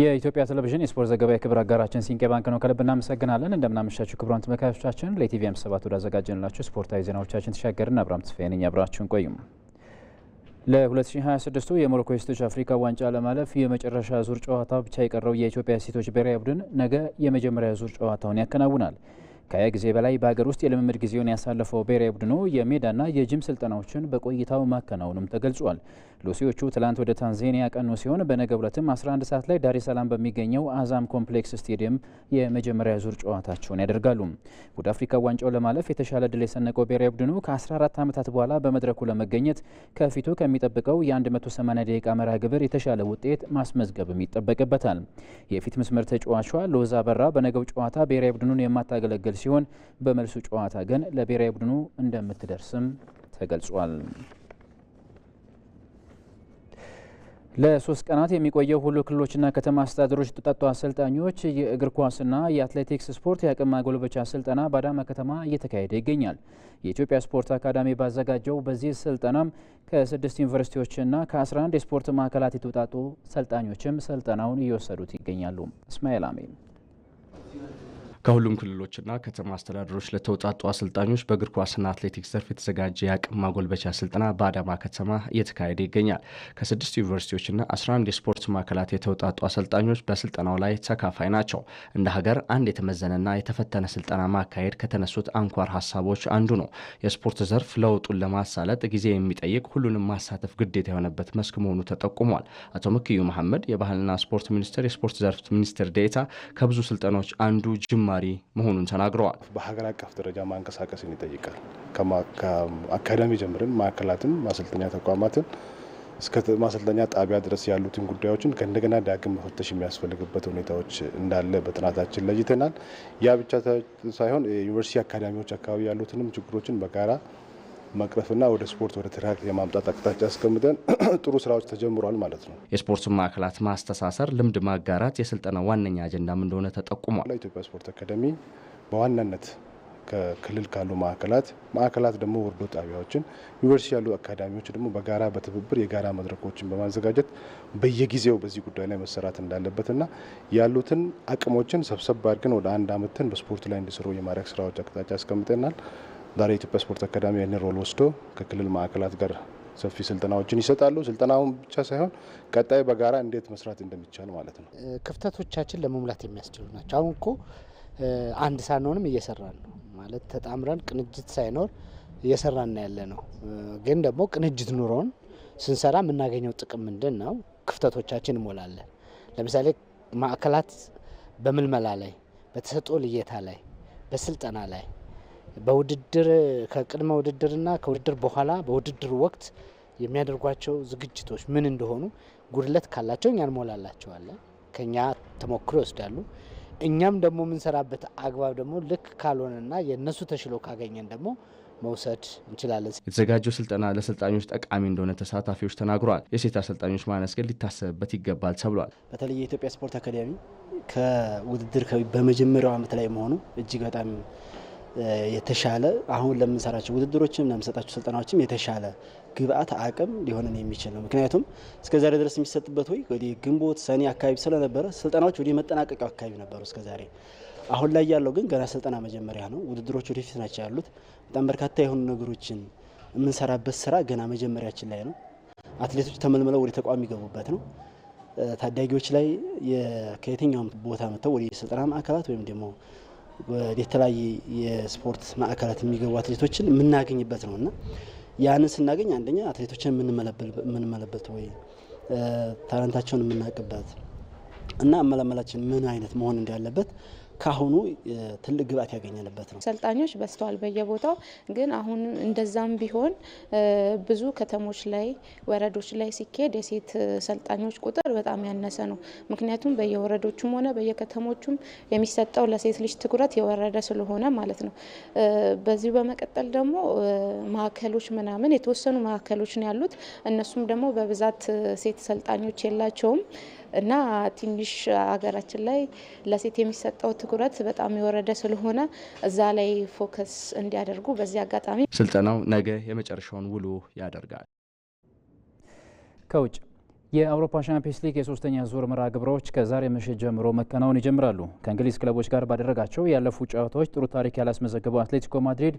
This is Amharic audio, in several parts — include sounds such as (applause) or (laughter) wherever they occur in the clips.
የኢትዮጵያ ቴሌቪዥን የስፖርት ዘገባ የክብር አጋራችን ሲንቄ ባንክ ነው። ከልብ እናመሰግናለን። እንደምናመሻችሁ ክቡራን ተመልካቾቻችን ለኢቲቪ አምስት ሰባት ወደ ስፖርታዊ ዜናዎቻችን ተሻገርን። አብርሃም ተስፋዬ ነኝ። አብራችሁን ቆዩም ለ2026 የሞሮኮ የሴቶች አፍሪካ ዋንጫ ለማለፍ የመጨረሻ ዙር ጨዋታ ብቻ የቀረው የኢትዮጵያ ሴቶች ብሔራዊ ቡድን ነገ የመጀመሪያ ዙር ጨዋታውን ያከናውናል። ከያ ጊዜ በላይ በሀገር ውስጥ የልምምድ ጊዜውን ያሳለፈው ብሔራዊ ቡድኑ የሜዳና የጅም ስልጠናዎችን በቆይታው ማከናወኑም ተገልጿል። ሉሲዎቹ ትላንት ወደ ታንዛኒያ ያቀኑ ሲሆን በነገ ሁለትም 11 ሰዓት ላይ ዳሬ ሰላም በሚገኘው አዛም ኮምፕሌክስ ስቴዲየም የመጀመሪያ ዙር ጨዋታቸውን ያደርጋሉ። ወደ አፍሪካ ዋንጫው ለማለፍ የተሻለ ድል የሰነቀው ብሔራዊ ቡድኑ ከ14 ዓመታት በኋላ በመድረኩ ለመገኘት ከፊቱ ከሚጠብቀው የ180 ደቂቃ መርሃ ግብር የተሻለ ውጤት ማስመዝገብም ይጠበቅበታል። የፊት መስመር ተጫዋቿ ሎዛ በራ በነገው ጨዋታ ብሔራዊ ቡድኑን የማታገለግል ሲሆን በመልሱ ጨዋታ ግን ለብሔራዊ ቡድኑ እንደምትደርስም ተገልጿል። ለሶስት ቀናት የሚቆየው ሁሉ ክልሎችና ከተማ አስተዳደሮች የተውጣጡ አሰልጣኞች የእግር ኳስና የአትሌቲክስ ስፖርት የአቅም ማጎልበቻ ስልጠና በአዳማ ከተማ እየተካሄደ ይገኛል። የኢትዮጵያ ስፖርት አካዳሚ ባዘጋጀው በዚህ ስልጠናም ከስድስት ዩኒቨርሲቲዎችና ከ11 የስፖርት ማዕከላት የተውጣጡ ሰልጣኞችም ስልጠናውን እየወሰዱት ይገኛሉ። እስማኤል አሜን ከሁሉም ክልሎችና ከተማ አስተዳደሮች ለተውጣጡ አሰልጣኞች በእግር ኳስና አትሌቲክስ ዘርፍ የተዘጋጀ የአቅም ማጎልበቻ ስልጠና በአዳማ ከተማ እየተካሄደ ይገኛል። ከስድስት ዩኒቨርሲቲዎችና 11 የስፖርት ማዕከላት የተውጣጡ አሰልጣኞች በስልጠናው ላይ ተካፋይ ናቸው። እንደ ሀገር አንድ የተመዘነና የተፈተነ ስልጠና ማካሄድ ከተነሱት አንኳር ሀሳቦች አንዱ ነው። የስፖርት ዘርፍ ለውጡን ለማሳለጥ ጊዜ የሚጠይቅ ሁሉንም ማሳተፍ ግዴታ የሆነበት መስክ መሆኑ ተጠቁሟል። አቶ ምክዩ መሐመድ የባህልና ስፖርት ሚኒስቴር የስፖርት ዘርፍ ሚኒስትር ዴኤታ ከብዙ ስልጠናዎች አንዱ ጅማ ተጨማሪ መሆኑን ተናግረዋል። በሀገር አቀፍ ደረጃ ማንቀሳቀስን ይጠይቃል። ከአካዳሚ ጀምርን ማዕከላትን፣ ማሰልጠኛ ተቋማትን እስከ ማሰልጠኛ ጣቢያ ድረስ ያሉትን ጉዳዮችን ከእንደገና ዳግም መፈተሽ የሚያስፈልግበት ሁኔታዎች እንዳለ በጥናታችን ለይተናል። ያ ብቻ ሳይሆን ዩኒቨርሲቲ አካዳሚዎች አካባቢ ያሉትንም ችግሮችን በጋራ መቅረፍና ወደ ስፖርት ወደ ትራክ የማምጣት አቅጣጫ አስቀምጠን (clears throat) ጥሩ ስራዎች ተጀምሯል ማለት ነው። የስፖርት ማዕከላት ማስተሳሰር፣ ልምድ ማጋራት የስልጠና ዋነኛ አጀንዳም እንደሆነ ተጠቁሟል። ኢትዮጵያ ስፖርት አካዳሚ በዋናነት ከክልል ካሉ ማዕከላት ማዕከላት ደግሞ ወርዶ ጣቢያዎችን ዩኒቨርሲቲ ያሉ አካዳሚዎች ደግሞ በጋራ በትብብር የጋራ መድረኮችን በማዘጋጀት በየጊዜው በዚህ ጉዳይ ላይ መሰራት እንዳለበትና ያሉትን አቅሞችን ሰብሰብ አድርገን ወደ አንድ አመትን በስፖርቱ ላይ እንዲሰሩ የማድረግ ስራዎች አቅጣጫ አስቀምጠናል። ዛሬ የኢትዮጵያ ስፖርት አካዳሚ ያን ሮል ወስዶ ከክልል ማዕከላት ጋር ሰፊ ስልጠናዎችን ይሰጣሉ። ስልጠናውን ብቻ ሳይሆን ቀጣይ በጋራ እንዴት መስራት እንደሚቻል ማለት ነው። ክፍተቶቻችን ለመሙላት የሚያስችሉ ናቸው። አሁን እኮ አንድ ሳንሆንም እየሰራን ነው ማለት ተጣምረን ቅንጅት ሳይኖር እየሰራን ያለ ነው። ግን ደግሞ ቅንጅት ኑሮን ስንሰራ የምናገኘው ጥቅም ምንድን ነው? ክፍተቶቻችን እሞላለን። ለምሳሌ ማዕከላት በምልመላ ላይ፣ በተሰጥኦ ልየታ ላይ፣ በስልጠና ላይ በውድድር ከቅድመ ውድድርና ከውድድር በኋላ በውድድር ወቅት የሚያደርጓቸው ዝግጅቶች ምን እንደሆኑ ጉድለት ካላቸው እኛ እንሞላላቸዋለን። ከኛ ተሞክሮ ይወስዳሉ። እኛም ደግሞ የምንሰራበት አግባብ ደግሞ ልክ ካልሆነና የእነሱ ተሽሎ ካገኘን ደግሞ መውሰድ እንችላለን። የተዘጋጀው ስልጠና ለሰልጣኞች ጠቃሚ እንደሆነ ተሳታፊዎች ተናግረዋል። የሴት አሰልጣኞች ማነስ ግን ሊታሰብበት ይገባል ተብሏል። በተለይ የኢትዮጵያ ስፖርት አካዳሚ ከውድድር በመጀመሪያው ዓመት ላይ መሆኑ እጅግ በጣም የተሻለ አሁን ለምንሰራቸው ውድድሮችም ለምንሰጣቸው ስልጠናዎችም የተሻለ ግብአት አቅም ሊሆንን የሚችል ነው። ምክንያቱም እስከዛሬ ድረስ የሚሰጥበት ወይ ወደ ግንቦት ሰኔ አካባቢ ስለነበረ ስልጠናዎች ወደ መጠናቀቂያው አካባቢ ነበሩ እስከዛሬ። አሁን ላይ ያለው ግን ገና ስልጠና መጀመሪያ ነው። ውድድሮች ወደፊት ናቸው ያሉት። በጣም በርካታ የሆኑ ነገሮችን የምንሰራበት ስራ ገና መጀመሪያችን ላይ ነው። አትሌቶች ተመልምለው ወደ ተቋም የሚገቡበት ነው። ታዳጊዎች ላይ ከየትኛውም ቦታ መጥተው ወደ ስልጠና ማዕከላት ወይም ደግሞ የተለያየ የስፖርት ማዕከላት የሚገቡ አትሌቶችን የምናገኝበት ነው እና ያንን ስናገኝ አንደኛ አትሌቶችን የምንመለበት ወይ ታላንታቸውን የምናውቅበት እና አመላመላችን ምን አይነት መሆን እንዳለበት ካሁኑ ትልቅ ግብአት ያገኘንበት ነው። ሰልጣኞች በስተዋል በየቦታው ግን አሁን እንደዛም ቢሆን ብዙ ከተሞች ላይ ወረዶች ላይ ሲካሄድ የሴት ሰልጣኞች ቁጥር በጣም ያነሰ ነው። ምክንያቱም በየወረዶቹም ሆነ በየከተሞቹም የሚሰጠው ለሴት ልጅ ትኩረት የወረደ ስለሆነ ማለት ነው። በዚሁ በመቀጠል ደግሞ ማዕከሎች ምናምን የተወሰኑ ማዕከሎች ነው ያሉት። እነሱም ደግሞ በብዛት ሴት ሰልጣኞች የላቸውም። እና ትንሽ ሀገራችን ላይ ለሴት የሚሰጠው ትኩረት በጣም የወረደ ስለሆነ እዛ ላይ ፎከስ እንዲያደርጉ በዚህ አጋጣሚ ስልጠናው ነገ የመጨረሻውን ውሎ ያደርጋል። ከውጭ የአውሮፓ ሻምፒየንስ ሊግ የሶስተኛ ዙር ምራ ግብሮች ከዛሬ ምሽት ጀምሮ መከናወን ይጀምራሉ። ከእንግሊዝ ክለቦች ጋር ባደረጋቸው ያለፉ ጨዋታዎች ጥሩ ታሪክ ያላስመዘገበው አትሌቲኮ ማድሪድ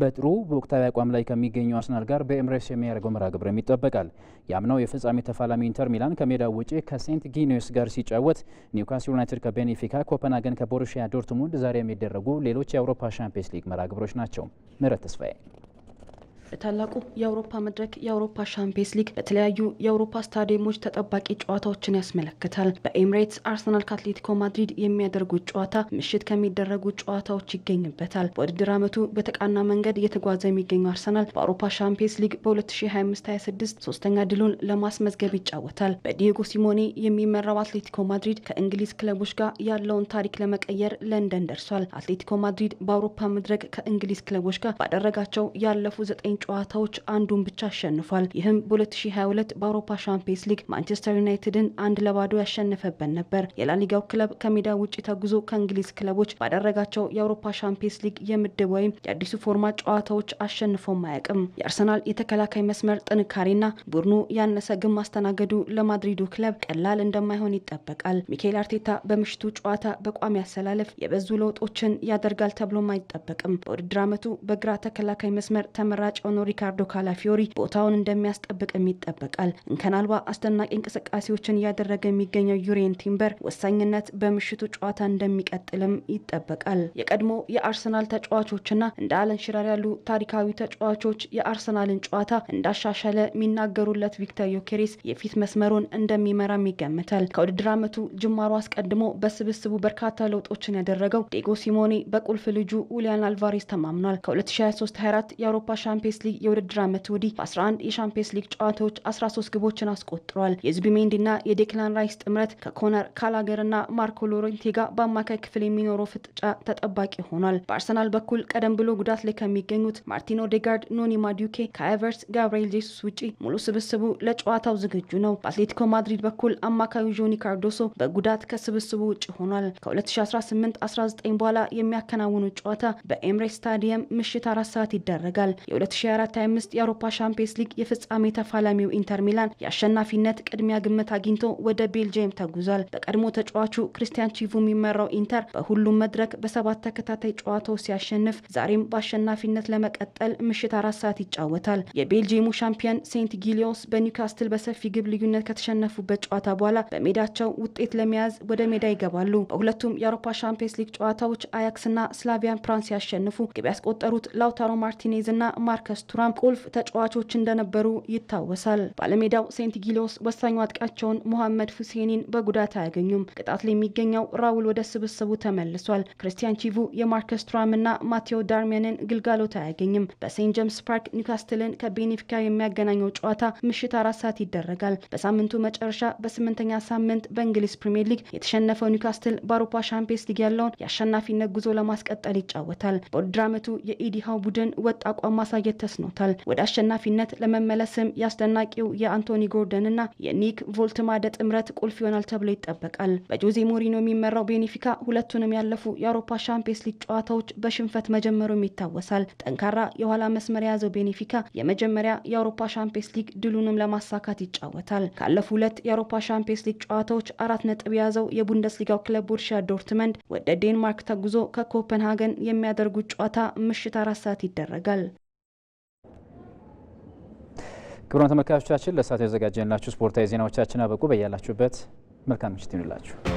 በጥሩ በወቅታዊ አቋም ላይ ከሚገኘው አርሰናል ጋር በኤምሬስ የሚያደርገው መርሃ ግብርም ይጠበቃል። ያምናው የፍጻሜ ተፋላሚ ኢንተር ሚላን ከሜዳው ውጪ ከሴንት ጊኒስ ጋር ሲጫወት፣ ኒውካስል ዩናይትድ ከቤኔፊካ፣ ኮፐንሃገን ከቦሩሺያ ዶርትሙንድ ዛሬ የሚደረጉ ሌሎች የአውሮፓ ሻምፒየንስ ሊግ መርሃ ግብሮች ናቸው። ምረት ተስፋዬ ታላቁ የአውሮፓ መድረክ የአውሮፓ ሻምፒየንስ ሊግ በተለያዩ የአውሮፓ ስታዲየሞች ተጠባቂ ጨዋታዎችን ያስመለክታል። በኤምሬትስ አርሰናል ከአትሌቲኮ ማድሪድ የሚያደርጉት ጨዋታ ምሽት ከሚደረጉ ጨዋታዎች ይገኝበታል። በውድድር ዓመቱ በተቃና መንገድ እየተጓዘ የሚገኘው አርሰናል በአውሮፓ ሻምፒየንስ ሊግ በ2025/26 ሶስተኛ ድሉን ለማስመዝገብ ይጫወታል። በዲየጎ ሲሞኔ የሚመራው አትሌቲኮ ማድሪድ ከእንግሊዝ ክለቦች ጋር ያለውን ታሪክ ለመቀየር ለንደን ደርሷል። አትሌቲኮ ማድሪድ በአውሮፓ መድረክ ከእንግሊዝ ክለቦች ጋር ባደረጋቸው ያለፉ ዘጠኝ ጨዋታዎች አንዱን ብቻ አሸንፏል። ይህም በ2022 በአውሮፓ ሻምፒየንስ ሊግ ማንቸስተር ዩናይትድን አንድ ለባዶ ያሸነፈበት ነበር። የላሊጋው ክለብ ከሜዳ ውጭ ተጉዞ ከእንግሊዝ ክለቦች ባደረጋቸው የአውሮፓ ሻምፒየንስ ሊግ የምድብ ወይም የአዲሱ ፎርማት ጨዋታዎች አሸንፎም አያውቅም። የአርሰናል የተከላካይ መስመር ጥንካሬና ቡድኑ ያነሰ ግን ማስተናገዱ ለማድሪዱ ክለብ ቀላል እንደማይሆን ይጠበቃል። ሚካኤል አርቴታ በምሽቱ ጨዋታ በቋሚ አሰላለፍ የበዙ ለውጦችን ያደርጋል ተብሎም አይጠበቅም። በውድድር ዓመቱ በግራ ተከላካይ መስመር ተመራጭ ሆኖ ሪካርዶ ካላፊዮሪ ቦታውን እንደሚያስጠብቅም ይጠበቃል። እንከን አልባ አስደናቂ እንቅስቃሴዎችን እያደረገ የሚገኘው ዩሬን ቲምበር ወሳኝነት በምሽቱ ጨዋታ እንደሚቀጥልም ይጠበቃል። የቀድሞ የአርሰናል ተጫዋቾችና እንደ አለን ሽረር ያሉ ታሪካዊ ተጫዋቾች የአርሰናልን ጨዋታ እንዳሻሻለ የሚናገሩለት ቪክተር ዮኬሬስ የፊት መስመሩን እንደሚመራም ይገምታል። ከውድድር ዓመቱ ጅማሮ አስቀድሞ በስብስቡ በርካታ ለውጦችን ያደረገው ዴጎ ሲሞኔ በቁልፍ ልጁ ውሊያን አልቫሬስ ተማምኗል። ከ2023/24 የአውሮፓ ሻምፒየንስ ቻምፒየንስ ሊግ የውድድር ዓመት ወዲህ 11 የሻምፒየንስ ሊግ ጨዋታዎች 13 ግቦችን አስቆጥረዋል። የዙቢ የዴክላን ራይስ ጥምረት ከኮነር ካላገርና ማርኮ ሎሬንቴ ጋር በአማካይ ክፍል የሚኖረው ፍጥጫ ተጠባቂ ሆኗል። በአርሰናል በኩል ቀደም ብሎ ጉዳት ላይ ከሚገኙት ማርቲን ኦዴጋርድ፣ ኖኒ ማዱኬ ከኤቨርስ ጋብርኤል ጄሱስ ውጪ ሙሉ ስብስቡ ለጨዋታው ዝግጁ ነው። በአትሌቲኮ ማድሪድ በኩል አማካዩ ጆኒ ካርዶሶ በጉዳት ከስብስቡ ውጭ ሆኗል። ከ2018-19 በኋላ የሚያከናውኑት ጨዋታ በኤምሬትስ ስታዲየም ምሽት አራት ሰዓት ይደረጋል። የ 2024 25 የአውሮፓ ሻምፒየንስ ሊግ የፍጻሜ ተፋላሚው ኢንተር ሚላን የአሸናፊነት ቅድሚያ ግምት አግኝቶ ወደ ቤልጅየም ተጉዟል። በቀድሞ ተጫዋቹ ክሪስቲያን ቺቩ የሚመራው ኢንተር በሁሉም መድረክ በሰባት ተከታታይ ጨዋታው ሲያሸንፍ ዛሬም በአሸናፊነት ለመቀጠል ምሽት አራት ሰዓት ይጫወታል። የቤልጅየሙ ሻምፒየን ሴንት ጊሊዮስ በኒውካስትል በሰፊ ግብ ልዩነት ከተሸነፉበት ጨዋታ በኋላ በሜዳቸው ውጤት ለመያዝ ወደ ሜዳ ይገባሉ። በሁለቱም የአውሮፓ ሻምፒየንስ ሊግ ጨዋታዎች አያክስና ስላቪያን ፕራንስ ያሸንፉ ግብ ያስቆጠሩት ላውታሮ ማርቲኔዝ እና ማርከስ ሬስቶራንት ቁልፍ ተጫዋቾች እንደነበሩ ይታወሳል። ባለሜዳው ሴንት ጊሎስ ወሳኙ አጥቂያቸውን ሞሐመድ ሁሴኒን በጉዳት አያገኙም። ቅጣት ላይ የሚገኘው ራውል ወደ ስብስቡ ተመልሷል። ክርስቲያን ቺቩ የማርከስ ቱራምና ማቴዎ ዳርሚያንን ግልጋሎት አያገኝም። በሴንት ጄምስ ፓርክ ኒውካስትልን ከቤኔፊካ የሚያገናኘው ጨዋታ ምሽት አራት ሰዓት ይደረጋል። በሳምንቱ መጨረሻ በስምንተኛ ሳምንት በእንግሊዝ ፕሪምየር ሊግ የተሸነፈው ኒውካስትል በአውሮፓ ሻምፒየንስ ሊግ ያለውን የአሸናፊነት ጉዞ ለማስቀጠል ይጫወታል። በውድድር ዓመቱ የኢዲሃው ቡድን ወጥ አቋም ማሳየት ተስኖታል። ወደ አሸናፊነት ለመመለስም የአስደናቂው የአንቶኒ ጎርደንና የኒክ ቮልትማደ ጥምረት ቁልፍ ይሆናል ተብሎ ይጠበቃል። በጆዜ ሞሪኖ የሚመራው ቤኔፊካ ሁለቱንም ያለፉ የአውሮፓ ሻምፒየንስ ሊግ ጨዋታዎች በሽንፈት መጀመሩም ይታወሳል። ጠንካራ የኋላ መስመር የያዘው ቤኔፊካ የመጀመሪያ የአውሮፓ ሻምፒየንስ ሊግ ድሉንም ለማሳካት ይጫወታል። ካለፉ ሁለት የአውሮፓ ሻምፒየንስ ሊግ ጨዋታዎች አራት ነጥብ የያዘው የቡንደስሊጋው ክለብ ቦሩሲያ ዶርትመንድ ወደ ዴንማርክ ተጉዞ ከኮፐንሃገን የሚያደርጉት ጨዋታ ምሽት አራት ሰዓት ይደረጋል። ክቡራን ተመልካቾቻችን ለሰዓቱ ያዘጋጀንላችሁ ስፖርታዊ ዜናዎቻችን አበቁ። በያላችሁበት መልካም ምሽት ይሁንላችሁ።